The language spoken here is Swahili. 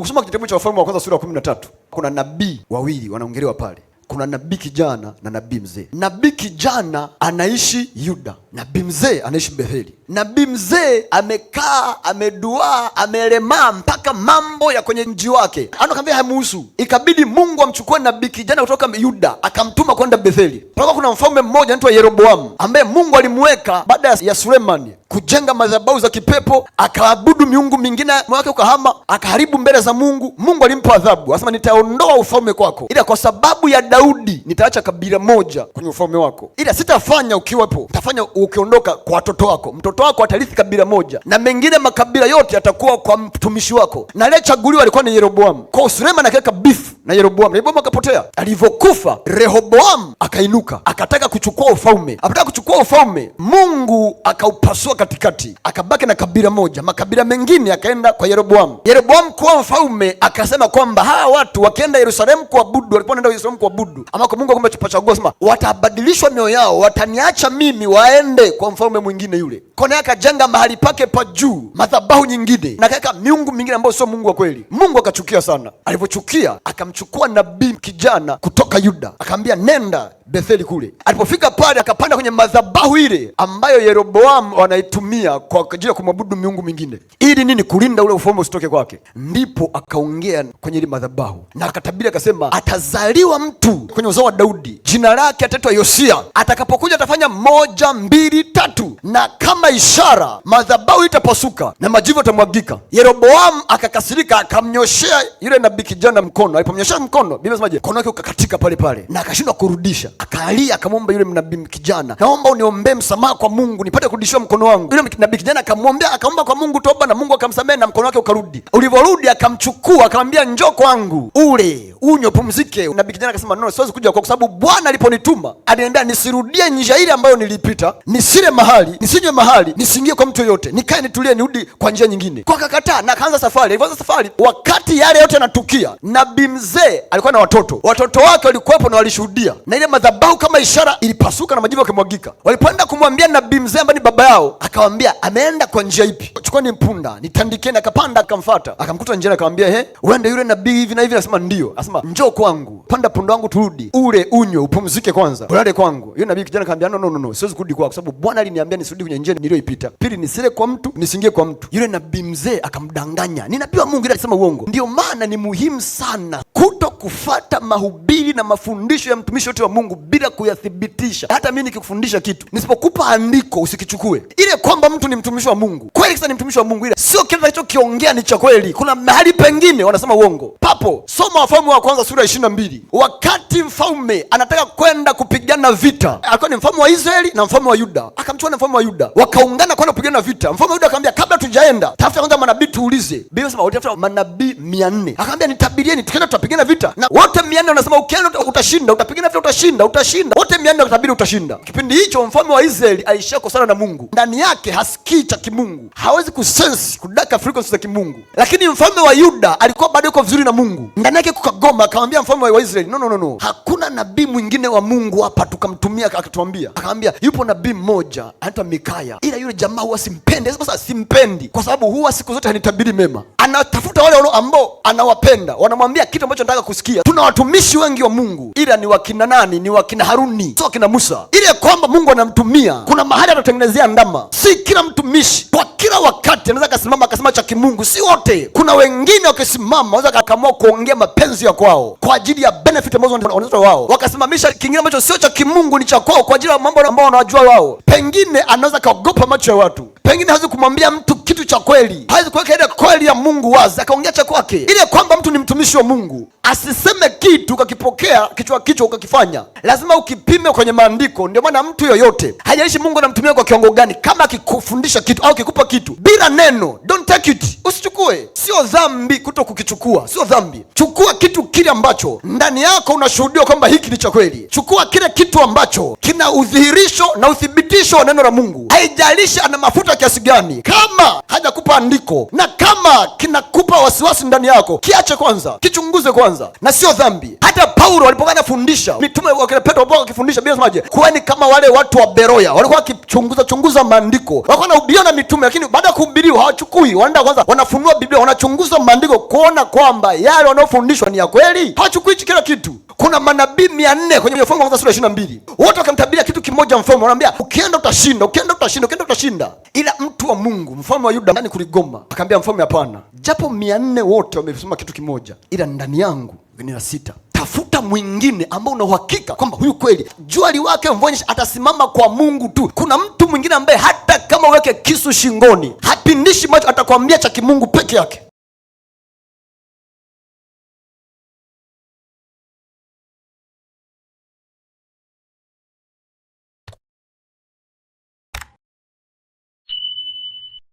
Ukisoma kitabu cha Wafalme wa kwanza sura ya kumi na tatu kuna nabii wawili wanaongelewa pale. Kuna nabii kijana na nabii mzee. Nabii kijana anaishi Yuda, nabii mzee anaishi Betheli nabii mzee amekaa ameduaa amelemaa mpaka mambo ya kwenye mji wake anakwambia hamuhusu. Ikabidi Mungu amchukue nabii kijana kutoka Yuda akamtuma kwenda Betheli. paka kuna mfalme mmoja anaitwa Yeroboamu ambaye Mungu alimweka baada ya Sulemani kujenga madhabau za kipepo, akaabudu miungu mingine, mwake wake ukahama, akaharibu mbele za Mungu. Mungu alimpa adhabu, asema nitaondoa ufalme kwako, ila kwa sababu ya Daudi nitaacha kabila moja kwenye ufalme wako, ila sitafanya ukiwepo, tafanya ukiondoka kwa watoto wako mtoto watoto wako watarithi kabila moja, na mengine makabila yote yatakuwa kwa mtumishi wako. Na aliyechaguliwa alikuwa ni Yeroboamu. Kwa hiyo akaweka bifu na Yeroboamu. Yeroboamu akapotea, alivyokufa Rehoboamu akainuka, akataka kuchukua ufalme, akataka kuchukua ufalme, Mungu akaupasua katikati, akabaki na kabila moja. Makabila mengine akaenda kwa Yeroboamu. Yeroboamu kuwa mfalme akasema kwamba hawa watu wakienda Yerusalemu kuabudu, walikuwa wanaenda Yerusalemu kuabudu ama kwa Mungu akumbe chagua, sema watabadilishwa mioyo yao, wataniacha mimi, waende kwa mfalme mwingine yule kwa naye akajenga mahali pake pa juu madhabahu nyingine na akaweka miungu mingine ambayo sio Mungu wa kweli. Mungu akachukia sana, alivyochukia akamchukua nabii kijana kutoka kutoka Yuda, akaambia nenda Betheli kule. Alipofika pale, akapanda kwenye madhabahu ile ambayo Yeroboamu wanaitumia kwa ajili ya kumwabudu miungu mingine, ili nini? Kulinda ule ufalme usitoke kwake. Ndipo akaongea kwenye ile madhabahu na akatabiri, akasema, atazaliwa mtu kwenye uzao wa Daudi, jina lake ataitwa Yosia, atakapokuja atafanya moja, mbili, tatu, na kama ishara madhabahu itapasuka na majivu atamwagika Yeroboamu akakasirika, akamnyoshea yule nabii kijana mkono. Alipomnyoshea mkono, Biblia inasemaje? Mkono wake ukakatika pale pale na akashindwa kurudisha, akaalia, akamwomba yule nabii kijana, naomba uniombee msamaha kwa Mungu nipate kurudishiwa mkono wangu. Yule nabii kijana akamwombea, akaomba kwa Mungu toba, na Mungu akamsamehe na mkono wake ukarudi. Ulivyorudi akamchukua, akamwambia njoo kwangu, ule unywe, pumzike. Nabii kijana akasema no, siwezi kuja kwa sababu Bwana aliponituma aliniambia nisirudie njia ile ambayo nilipita, nisile mahali, nisinywe mahali, nisiingie kwa mtu yoyote, nikae, nitulie, nirudi kwa njia nyingine. Kwa akakataa na akaanza safari. Alivyoanza safari, wakati yale yote yanatukia, nabii mzee alikuwa na watoto, watoto wake walikuwepo na walishuhudia, na ile madhabahu kama ishara ilipasuka na majivu yakamwagika. Walipoenda kumwambia nabii mzee ambaye ni baba yao, akawambia ameenda kwa njia ipi? Chukua ni mpunda nitandikeni. Akapanda akamfata, akamkuta njiani, akamwambia he, uende yule nabii hivi na hivi. Anasema ndio. Anasema njoo kwangu, panda punda wangu, turudi ule, unywe, upumzike kwanza, ulale kwangu. Yule nabii kijana akamwambia no, no, no, no, siwezi kurudi kwako, sababu Bwana aliniambia nisirudi kwenye njia niliyoipita, pili nisile kwa mtu, nisingie kwa mtu. Yule nabii mzee akamdanganya, ni nabii wa Mungu, ila alisema uongo. Ndio maana ni muhimu sana kuto kufata mahubiri na mafundisho ya mtumishi wote wa Mungu bila kuyathibitisha. Hata mimi nikikufundisha kitu, nisipokupa andiko usikichukue. Ile kwamba mtu ni mtumishi wa Mungu kweli kisa ni mtumishi wa Mungu, ile sio kile anachokiongea ni cha kweli. Kuna mahali pengine wanasema uongo. Papo soma Wafalme wa kwanza sura ya ishirini na mbili wakati wakati mfalme anataka kwenda kupigana vita, alikuwa ni mfalme wa Israeli na mfalme wa Yuda, akamchukua na mfalme wa Yuda wakaungana kwenda kupigana vita. Mfalme wa Yuda akamwambia, kabla tujaenda, tafuta kwanza manabii tuulize. Biblia inasema walitafuta manabii mia nne. Akamwambia, nitabirieni, tukienda tutapigana vita, na wote mia nne wanasema ukienda utashinda, utapigana vita, utashinda, utashinda. Wote mia nne wakatabiri utashinda. Kipindi hicho mfalme wa Israeli alishakosana na Mungu, ndani yake hasikii cha kimungu, hawezi kusense kudaka frequency za kimungu, lakini mfalme wa Yuda alikuwa bado yuko vizuri na Mungu, ndani yake kukagoma. Akamwambia mfalme wa Israeli, no, no, no, no. Hakuna nabii mwingine wa Mungu hapa tukamtumia akatuambia, akaambia yupo nabii mmoja anaitwa Mikaya, ila yule jamaa huwa simpendi. Sasa simpendi kwa sababu huwa siku zote hanitabiri mema anatafuta wale ambao anawapenda, wanamwambia kitu ambacho nataka kusikia. Tuna watumishi wengi wa Mungu, ila ni wakina nani? Ni wakina Haruni, sio wakina Musa. Ile kwamba Mungu anamtumia, kuna mahali anatutengenezea ndama. Si kila mtumishi kwa kila wakati anaweza akasimama akasema cha kimungu, si wote. Kuna wengine wakisimama wanaweza wakaamua kuongea mapenzi ya kwao kwa ajili ya benefit ambazo wanazo wao, wakasimamisha kingine ambacho sio cha kimungu, ni cha kwao kwa ajili ya mambo ambao wanawajua wao. Pengine anaweza kaogopa macho ya watu, pengine hawezi kumwambia mtu kitu cha kweli, hawezi kuweka ile kweli ya Mungu Mungu wazi, cha kwake, ile kwamba mtu ni mtumishi wa Mungu asiseme kitu ukakipokea kichwa kichwa ukakifanya. Lazima ukipime kwenye maandiko. Ndio maana mtu yoyote, haijalishi Mungu anamtumia kwa kiwango gani, kama akikufundisha kitu au akikupa kitu bila neno, don't take it, usichukue. Sio dhambi kuto kukichukua, sio dhambi. Chukua kitu kile ambacho ndani yako unashuhudia kwamba hiki ni cha kweli. Chukua kile kitu ambacho kina udhihirisho na uthibitisho wa neno la Mungu. Haijalishi ana mafuta kiasi gani, kama hajakupa andiko na kama kina kinakupa wasiwasi ndani yako, kiache kwanza, kichunguze kwanza, na sio dhambi. Hata Paulo alipokuwa anafundisha mitume wakina Petro walipokuwa akifundisha, Biblia inasemaje? Kuweni kama wale watu wa Beroya, walikuwa wakichunguza chunguza maandiko, walikuwa wanahubiria na mitume, lakini baada ya kuhubiriwa hawachukui, wanaenda kwanza wanafunua Biblia, wanachunguza kuchunguza maandiko kuona kwamba yale wanaofundishwa ni ya kweli. Hachukui kila kitu. Kuna manabii mia nne kwenye Ufunuo kwanza sura ishirini na mbili wote wakamtabiria kitu kimoja mfalme, wanaambia ukienda utashinda, ukienda utashinda, ukienda utashinda, ila mtu wa Mungu mfalme wa Yuda ndani kuligoma, akamwambia mfalme, hapana, japo mia nne wote wamesema kitu kimoja, ila ndani yangu nina sita tafuta mwingine ambao una uhakika kwamba huyu kweli jua liwake mvonyesha atasimama kwa Mungu tu. Kuna mtu mwingine ambaye hata kama uweke kisu shingoni hapindishi macho, atakwambia cha kimungu peke yake.